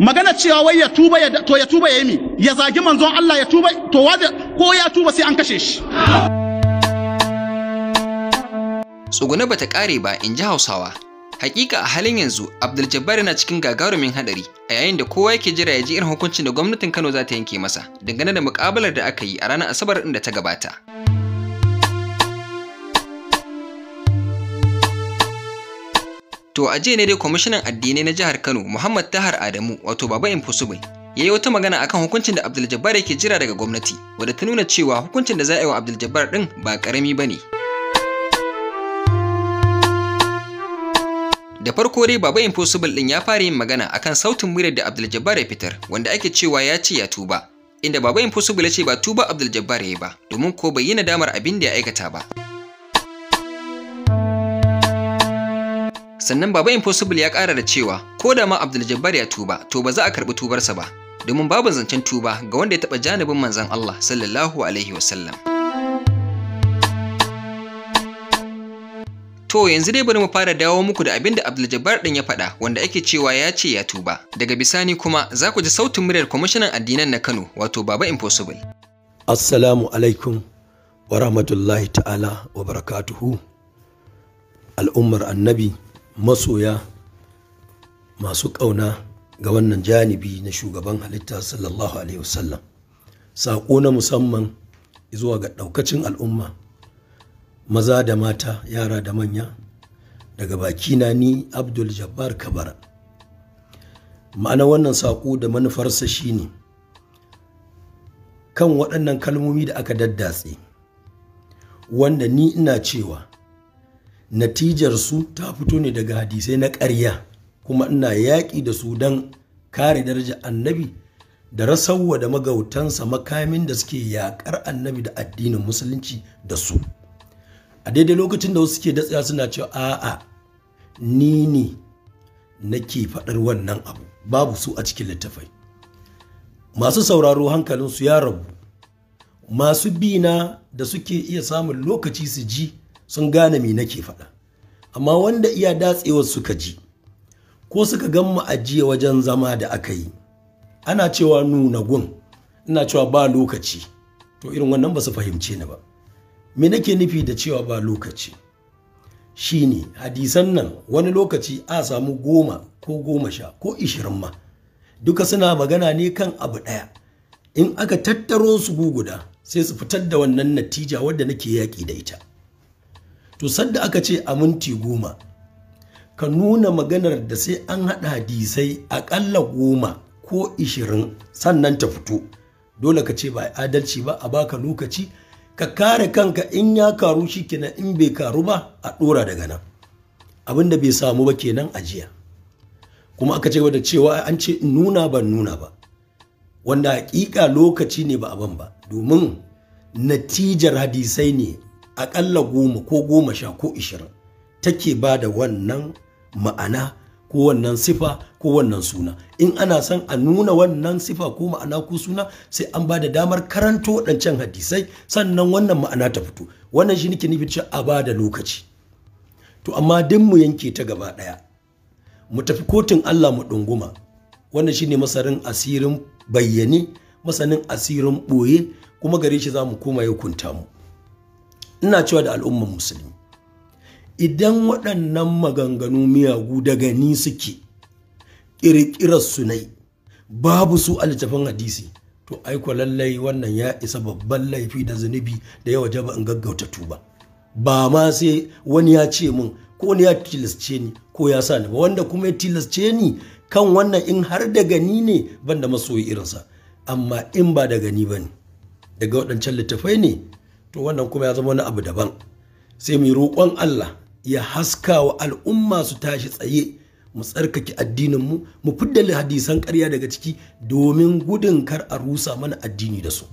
magana cewa wai ya tuba ya to ya tuba yayi mi ya zagi manzon Allah ya tuba to wa ko ya tuba sai an kashe shi tsuguna bata kare ba in ji Hausawa hakika a halin yanzu Abdul Jabbar yana cikin gagarumin hadari a yayin da kowa yake jira ya ji irin hukuncin da gwamnatin Kano za ta yanke masa dangane da mukabalar da aka yi a ranar Asabar din da ta gabata To a jiya ne dai kwamishinan addinai na jihar Kano Muhammad Tahar Adamu wato Baba Impossible ya yi wata magana akan hukuncin da Abdul Jabbar yake jira daga gwamnati wadda ta nuna cewa hukuncin da za a yi wa Abdul Jabbar din ba karami bane. Da farko dai Baba Impossible din ya fara yin magana akan sautin muryar da Abdul Jabbar ya fitar wanda ake cewa ya ce ya tuba inda Baba Impossible ya ce ba tuba Abdul Jabbar ya yi ba domin ko bai yi nadamar abin da ya aikata ba. sannan baba impossible ya ƙara da cewa ko da ma abdul ya tuba to ba za a karɓi tubarsa ba domin babu zancen tuba ga wanda ya taɓa janibin manzon Allah sallallahu alaihi wasallam To yanzu dai bari mu fara dawo muku da abin da Abdul Jabbar ya faɗa wanda ake cewa ya ce ya tuba. Daga bisani kuma za ku ji sautin muryar kwamishinan addinan na Kano wato Baba Impossible. Assalamu alaikum wa rahmatullahi ta'ala wa barakatuhu. Al'ummar annabi masoya masu ƙauna ga wannan janibi na shugaban halitta sallallahu alaihi wasallam saƙo na musamman zuwa ga ɗaukacin al'umma maza da mata yara da manya daga bakina ni abdul jabbar kabara ma'ana wannan saƙo da manufarsa shine kan waɗannan kalmomi da aka daddatse wanda ni ina cewa natijarsu ta fito ne daga hadisai na ƙarya kuma ina yaƙi da su don kare daraja annabi da rasauwa da magautansa makamin da suke yaƙar annabi da addinin musulunci da su a daidai lokacin da wasu suke datsaya suna cewa a'a ni ne nake faɗar wannan abu babu su a cikin littafai masu sauraro hankalinsu ya rabu masu bina da suke iya samun lokaci su ji sun gane me nake faɗa amma wanda iya datsewar suka ji ko suka gan mu ajiye wajen zama da aka yi ana cewa nuna gun ina cewa ba lokaci to irin wannan ba su fahimce ni ba me nake nufi da cewa ba lokaci Shi ne, hadisan nan wani lokaci a samu goma ko goma sha ko ishirin ma duka suna magana ne kan abu ɗaya in aka tattaro su guguda sai su fitar da wannan natija wadda nake yaƙi da ita to sadda aka ce a minti goma ka nuna maganar da sai an haɗa hadisai aƙalla goma ko ishirin sannan ta fito dole ka ce ba adalci ba a baka lokaci ka kare kanka in ya karu shi kenan in bai karu ba a ɗora daga nan abin da bai samu ba kenan ajiya kuma aka ce da cewa an ce nuna ban nuna ba wanda hakika lokaci ne ba a ban ba domin natijar hadisai ne aƙalla goma ko goma sha ko ishirin take ba da wannan ma'ana ko wannan sifa ko wannan suna in ana son a nuna wannan sifa ko ma'ana ko suna sai an ba da damar karanto waɗancan hadisai sannan wannan ma'ana ta fito wannan shi nake nufi cewa a ba da lokaci to amma din mu yanke ta gaba ɗaya mu tafi kotun Allah mu ɗunguma wannan shine masarin asirin bayyane masanin asirin ɓoye kuma gare shi za mu koma ya kunta mu ina cewa da al'ummar musulmi idan waɗannan maganganu miyagu daga ni suke ƙirƙirar su nai babu su a littafin hadisi to aiko lallai wannan ya isa babban laifi da zunubi da yawaje jaba in gaggauta tuba ba ma sai wani ya ce min ko ne ya tilasce ni ko ya sa ni ba wanda kuma ya tilasce ni kan wannan in har da gani ne ban da masoyi irinsa amma in ba da gani ba ne daga waɗancan littafai ne to wannan kuma ya zama wani abu daban sai mu roƙon Allah ya haska wa al'umma su tashi tsaye mu tsarkake addinin mu mu fidda hadisan ƙarya daga ciki domin gudun kar a rusa mana addini da su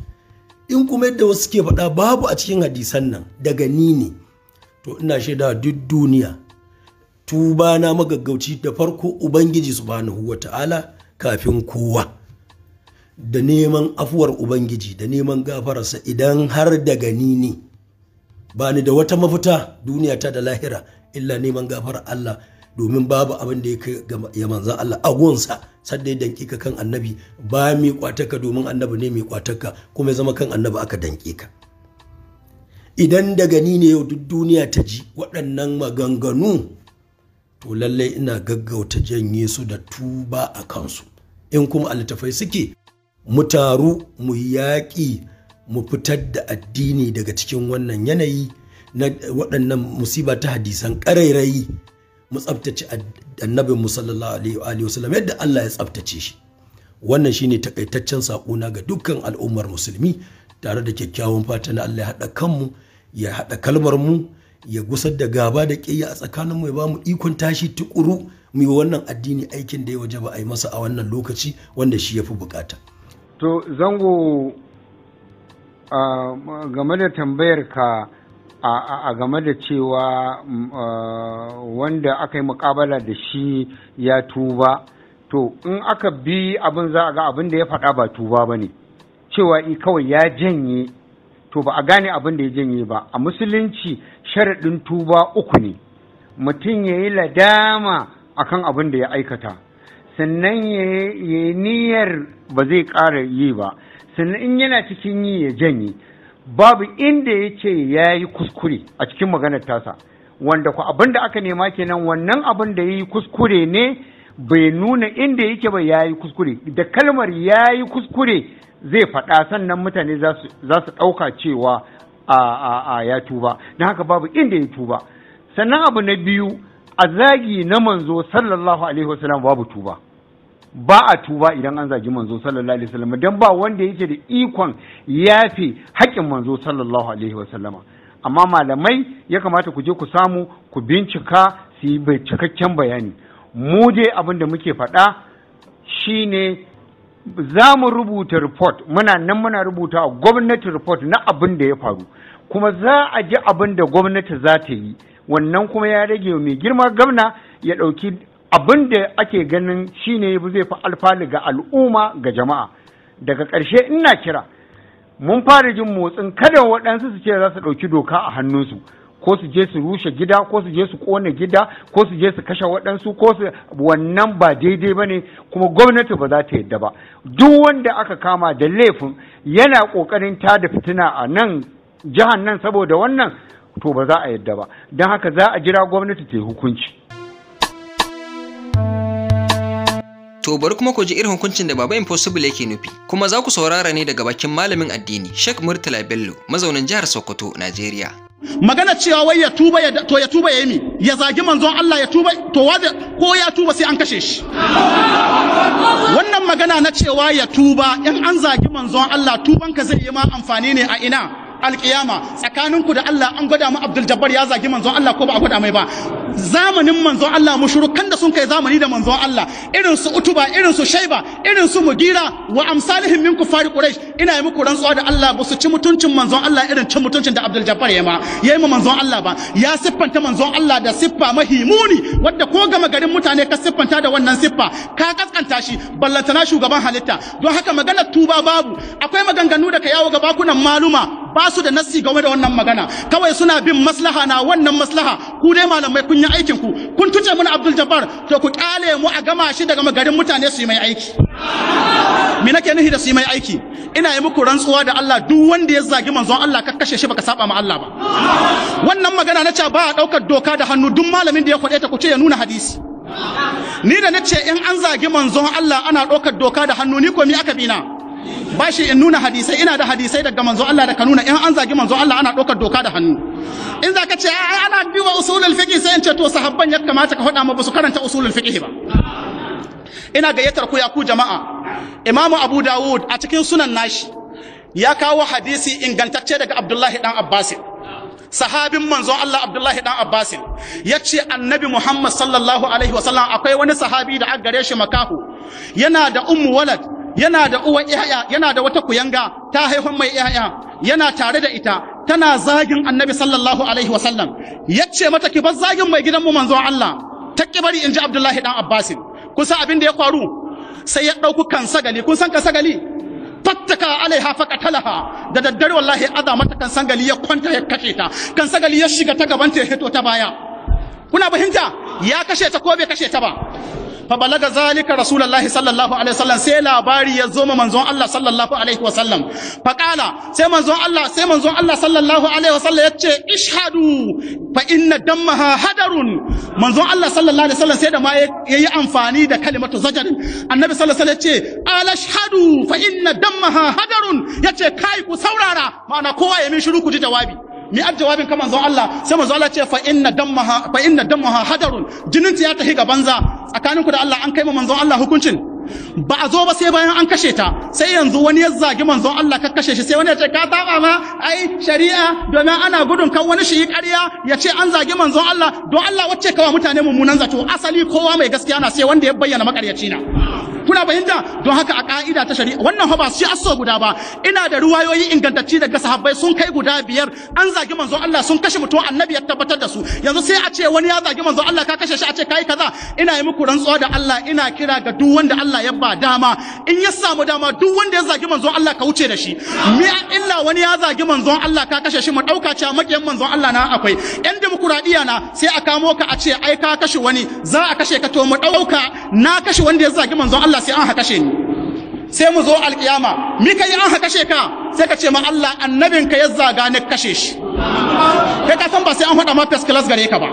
in kuma yadda wasu ke faɗa babu a cikin hadisan nan daga ni ne to ina shaida duk duniya tuba na magaggauci da farko ubangiji subhanahu wata'ala kafin kowa da neman afuwar ubangiji da neman gafararsa idan har daga ni ne ba ni da wata mafita duniya ta da lahira illa neman gafarar Allah domin babu abin da ya kai ya manzan Allah agonsa sadda ya danƙi ka kan annabi ba mai kwatarka domin annabi ne mai kwatarka kuma ya zama kan annabi aka danƙi ka idan daga ni ne yau duk duniya ta ji waɗannan maganganu to lallai ina gaggauta janye su da tuba a kansu in kuma littafai suke mu taru mu yaƙi mu fitar da addini daga cikin wannan yanayi na waɗannan musiba ta hadisan ƙarairayi mu tsabtace annabin sallallahu alaihi wasallam yadda Allah ya tsabtace shi wannan shine takaitaccen saƙona ga dukkan al'ummar musulmi tare da kyakkyawan fata na Allah ya haɗa kanmu ya haɗa kalmar mu ya gusar da gaba da ƙiyya a tsakaninmu ya ba mu ikon tashi tukuru mu yi wannan addini aikin da ya waje ba a yi masa a wannan lokaci wanda shi ya fi buƙata. to zango game da tambayar ka a game da cewa wanda aka yi mukabala da shi ya tuba to in aka bi abin za a ga abin da ya faɗa ba tuba ba ne cewa i kawai ya janye to ba a gane abin da ya janye ba a musulunci sharaɗin tuba uku ne mutum ya yi ladama akan abin da ya aikata sannan ya niyyar ba zai ƙara yi ba sannan in yana cikin yi ya janye babu inda ya ce ya yi kuskure a cikin maganar tasa wanda ku abin da aka nema kenan wannan abin da ya yi kuskure ne bai nuna inda yake ba ya yi kuskure da kalmar ya yi kuskure zai faɗa sannan mutane za su ɗauka cewa a ya tuba don haka babu inda ya tuba sannan abu na biyu a zagi na manzo sallallahu alaihi wasallam babu tuba ba a tuba idan an zagi manzo sallallahu alaihi wasallam dan ba wanda yake da ikon yafi haƙin manzo sallallahu alaihi wasallam amma malamai ya kamata ku je ku samu ku bincika su yi cikakken bayani mu dai abin da muke faɗa shine za mu rubuta report muna nan muna rubuta gwamnati report na abin da ya faru kuma za a ji abin da gwamnati za ta yi wannan kuma ya rage mai girma gwamna ya ɗauki abin da ake ganin shine zai fi alfali ga al'umma ga jama'a daga ƙarshe ina kira mun fara jin motsin kada waɗansu su ce za su ɗauki doka a hannunsu ko su je su rushe gida ko su je su ƙone gida ko su je su kashe waɗansu ko su wannan ba daidai ba ne kuma gwamnati ba za ta yadda ba duk wanda aka kama da laifin yana ƙoƙarin da fitina a nan jihar nan saboda wannan to ba za a yadda ba don haka za a jira gwamnati ta yi hukunci To bari kuma ku ji irin hukuncin da Baba Impossible yake nufi. Kuma za ku saurara ne daga bakin malamin addini Sheikh Murtala Bello, mazaunin jihar Sokoto, Najeriya. Magana cewa wai ya tuba ya to ya tuba ya ya zagi manzon Allah ya tuba to wada ko ya tuba sai an kashe shi. Wannan magana na cewa ya tuba in an zagi manzon Allah tuban ka zai yi ma amfani ne a ina alkiyama tsakaninku da Allah an gwada mu Abdul Jabbar ya zagi manzon Allah ko ba a gwada mai ba zamanin manzon Allah kan da sun kai zamani da manzon Allah irin su Utuba irin su Shaiba irin su Mugira wa amsalihim min kufari Quraysh ina yi muku rantsuwa da Allah ba su ci mutuncin manzon Allah irin cin mutuncin da Abdul Jabbar ya ma yayi ma manzon Allah ba ya siffanta manzon Allah da siffa mahimuni wadda ko gama garin mutane ka siffanta da wannan siffa ka kaskanta shi ballantana shugaban halitta don haka maganar tuba babu akwai maganganu da ka yawo ga bakunan maluma ba su da nassi game da wannan magana kawai suna bin maslaha na wannan maslaha ku dai malamai kun yi aikin ku kun tuce mana Abdul Jabbar to ku kyale mu a gama shi daga garin mutane su yi mai aiki me nake nufi da su yi mai aiki ina yi muku rantsuwa da Allah duk wanda ya zagi manzon Allah ka kashe shi baka saba ma Allah ba wannan magana na ce ba a daukar doka da hannu duk malamin da ya kwade ta ku ce ya nuna hadisi ni da nace in an zagi manzon Allah ana daukar doka da hannu ni ko mi aka bina bashi in nuna hadisai ina da hadisai daga manzo Allah da ka nuna in an zagi manzo Allah ana ɗaukar doka da hannu in za ka ce ai ana biwa usulul fiqh sai in ce to sahabban ya kamata ka faɗa ma ba su karanta usulul fiqh ba ina gayyatar ku ya ku jama'a imamu abu dawud a cikin sunan nashi ya kawo hadisi ingantacce daga abdullahi dan abbasin sahabin manzo Allah Abdullahi dan Abbasin ya ce annabi Muhammad sallallahu alaihi wasallam akwai wani sahabi da aka gare shi makahu yana da ummu walad yana da uwan yaya yana da wata kuyanga ta haihun mai yaya yana tare da ita tana zagin annabi sallallahu alaihi ya ce mata ki bar zagin mai mu manzon Allah ta ki in ji abdullahi dan abbasin kusa abin da ya kwaru sai ya ɗauku kansa gali kun san kansa gali fattaka alaiha faqatalaha da daddare wallahi aza mata kansa gali ya kwanta ya kashe ta kansa gali ya shiga ta gaban ta ya hito ta baya kuna fahimta ya kashe ta ko bai kashe ta ba fa balaga zalika rasulullahi sallallahu alaihi wasallam sai labari ya zo manzon Allah sallallahu alaihi wasallam fa kala sai manzon Allah sai manzon Allah sallallahu alaihi wasallam ya ce ishadu fa inna dammaha hadarun manzon Allah sallallahu alaihi wasallam sai da ma yayi amfani da kalimatu zajarin annabi sallallahu alaihi wasallam ya ce alashhadu fa inna dammaha hadarun yace kai ku saurara ma'ana kowa ya min shiru ku ji jawabi mi an jawabin ka manzon Allah sai manzon Allah ce fa inna dammaha fa inna dammaha hadarun jinin ta ya tahi ga banza tsakaninku da Allah an kai ma manzon Allah hukuncin ba a zo ba sai bayan an kashe ta sai yanzu wani ya zagi manzon Allah ka kashe shi sai wani ya ce ka taba ma ai shari'a domin ana gudun kan wani shi ƙarya ya ce an zagi manzon Allah don Allah wacce kawa mutane mummunan zato asali kowa mai gaskiya na sai wanda ya bayyana makaryaci na kuna fahimta don haka a ka'ida ta shari'a wannan ba shi aso guda ba ina da ruwayoyi ingantacci daga sahabbai sun kai guda biyar an zagi manzon Allah sun kashe mutum annabi ya tabbatar da su yanzu sai a ce wani ya zagi manzon Allah ka kashe shi a ce kai kaza ina yi muku rantsuwa da Allah ina kira ga duk wanda Allah ya ba dama in ya samu dama duk wanda ya zagi manzon Allah ka wuce da shi me illa wani ya zagi manzon Allah ka kashe shi mu dauka cewa makiyan manzon Allah na akwai yan demokuraɗiyya na sai a kamo ka a ce ai ka kashe wani za a kashe ka to mu dauka na kashe wanda ya zagi manzon Allah Allah sai an ni sai mu zo alkiyama mi kai an hakashe ka sai ka ce ma Allah annabin ka ya zaga ne kashe shi kai ka san ba sai an faɗa ma first class gare ka ba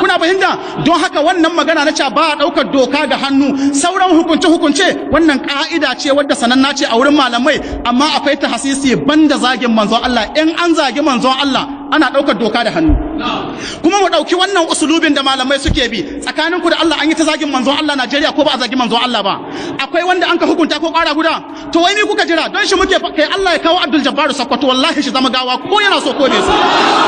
kuna fahimta don haka wannan magana na cewa ba a ɗaukar doka ga hannu sauran hukunce hukunce wannan ka'ida ce wadda sananna ce a wurin malamai amma akwai ta hasisi banda zagin manzon Allah in an zagi manzon Allah ana ɗaukar doka da hannu kuma mu ɗauki wannan usulubin da malamai suke bi tsakanin ku da Allah an yi ta zagin manzon Allah Najeriya ko ba a zagi manzon Allah ba akwai wanda an ka hukunta ko ƙara guda to wai ni kuka jira don shi muke kai Allah ya kawo Abdul Jabbar Sokoto wallahi shi zama gawa ko yana so ko bai su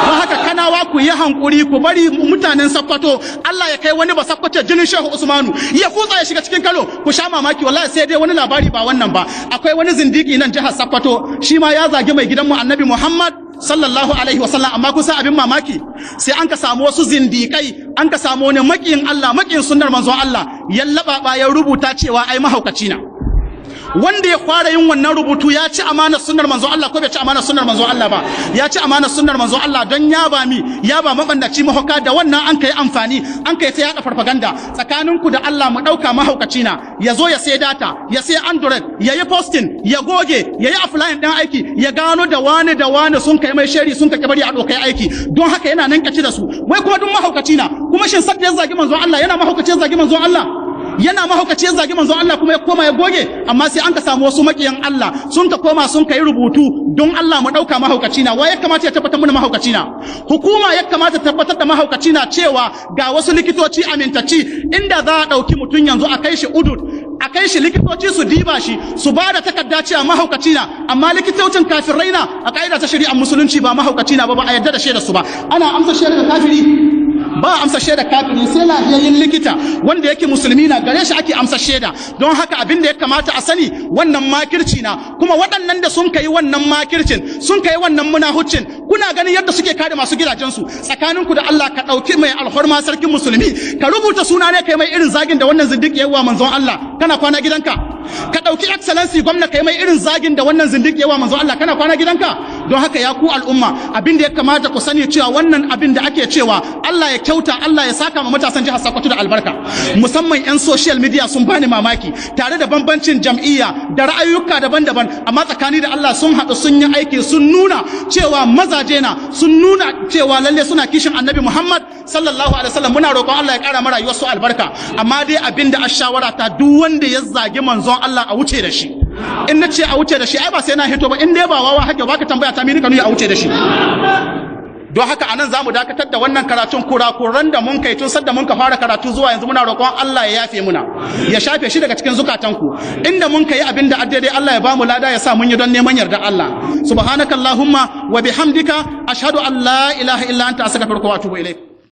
don haka kanawa ku yi hankuri ku bari mutanen Sokoto Allah ya kai wani ba Sokoto jinin Shehu Usmanu ya kutsa ya shiga cikin Kano ku sha mamaki wallahi sai dai wani labari ba wannan ba akwai wani zindiki nan jihar Sokoto shi ma ya zagi mai gidan mu Annabi Muhammad sallallahu alaihi wasallam amma kusa abin mamaki sai an ka samu wasu zindikai an ka samu wani makiyin Allah makiyin sunnar manzon Allah yallaba ya rubuta cewa ai mahaukaci na wanda ya fara yin wannan rubutu ya ci amanar sunnar manzo Allah ko bai ci amanar sunnar manzo Allah ba ya ci amanar sunnar manzo Allah don ya ba mi ya ba mabandaci mahauka da wannan an kai amfani an kai ta yada farfaganda tsakanin ku da Allah mu dauka mahaukaci na ya zo ya sai data ya sai android ya yi posting ya goge ya yi offline din aiki ya gano da wani da wani sun kai mai sheri sun kai bari a dokai aiki don haka yana nan kaci da su wai kuma duk mahaukaci na kuma shin sakta ya zagi manzo Allah yana mahaukaci zagi manzo Allah yana mahaukaci zage zagi manzon Allah kuma ya koma ya goge amma sai an ka samu wasu makiyan Allah sun ka koma sun kai rubutu don Allah mu dauka mahaukaci na wa ya kamata ya tabbatar mana mahaukaci na hukuma ya kamata tabbatar da mahaukaci na cewa ga wasu likitoci amintacci inda za a dauki mutum yanzu a kai shi udud a kai shi likitoci su diba shi su ba da takarda cewa mahaukaci na amma likitocin kafirai na a ka'ida ta shari'ar musulunci ba mahaukaci na ba ba a yarda da shaidar su ba ana amsa shaidar kafiri ba amsa shaida kafiri sai lafiyayyen likita wanda yake musulmi na gare shi ake amsa shaida don haka abin da ya kamata a sani wannan makirci na kuma waɗannan da sun kai wannan makircin sun kai wannan munahuccin kuna ganin yadda suke kare masu gidajensu ku da Allah ka ɗauki mai alhorma sarkin musulmi ka rubuta suna ne kai mai irin zagin da wannan zindiki yawa manzon Allah kana kwana gidanka ka ɗauki excellency gwamna kai mai irin zagin da wannan zindiki yawa manzon Allah kana kwana gidanka don haka ya ku al'umma abin da ya kamata ku sani cewa wannan abin da ake cewa Allah ya kyauta Allah ya saka ma matasan jihar Sokoto da albarka musamman yan social media sun bani mamaki tare da bambancin jam'iyya da ra'ayoyi daban-daban amma tsakani da Allah sun haɗu sun yi aiki sun nuna cewa maza gidaje na sun nuna cewa lalle suna kishin annabi muhammad sallallahu alaihi wasallam muna roƙon allah ya ƙara mara wasu albarka amma dai abin da ashawara ta duk wanda ya zagi manzon allah a wuce da shi in na ce a wuce da shi ai ba sai na hito ba in dai ba wawa haka ba ka tambaya ta mi nika a wuce da shi don haka anan zamu dakatar da wannan karatun kurakuran da mun kai tun sadda mun ka fara karatu zuwa yanzu muna roƙon Allah ya yafe muna ya shafe shi daga cikin zukatan ku inda mun kai abin da addade Allah ya bamu lada ya sa mun yi don neman yarda Allah subhanakallahumma wa bihamdika ashhadu an la ilaha illa anta astaghfiruka wa atubu ilayk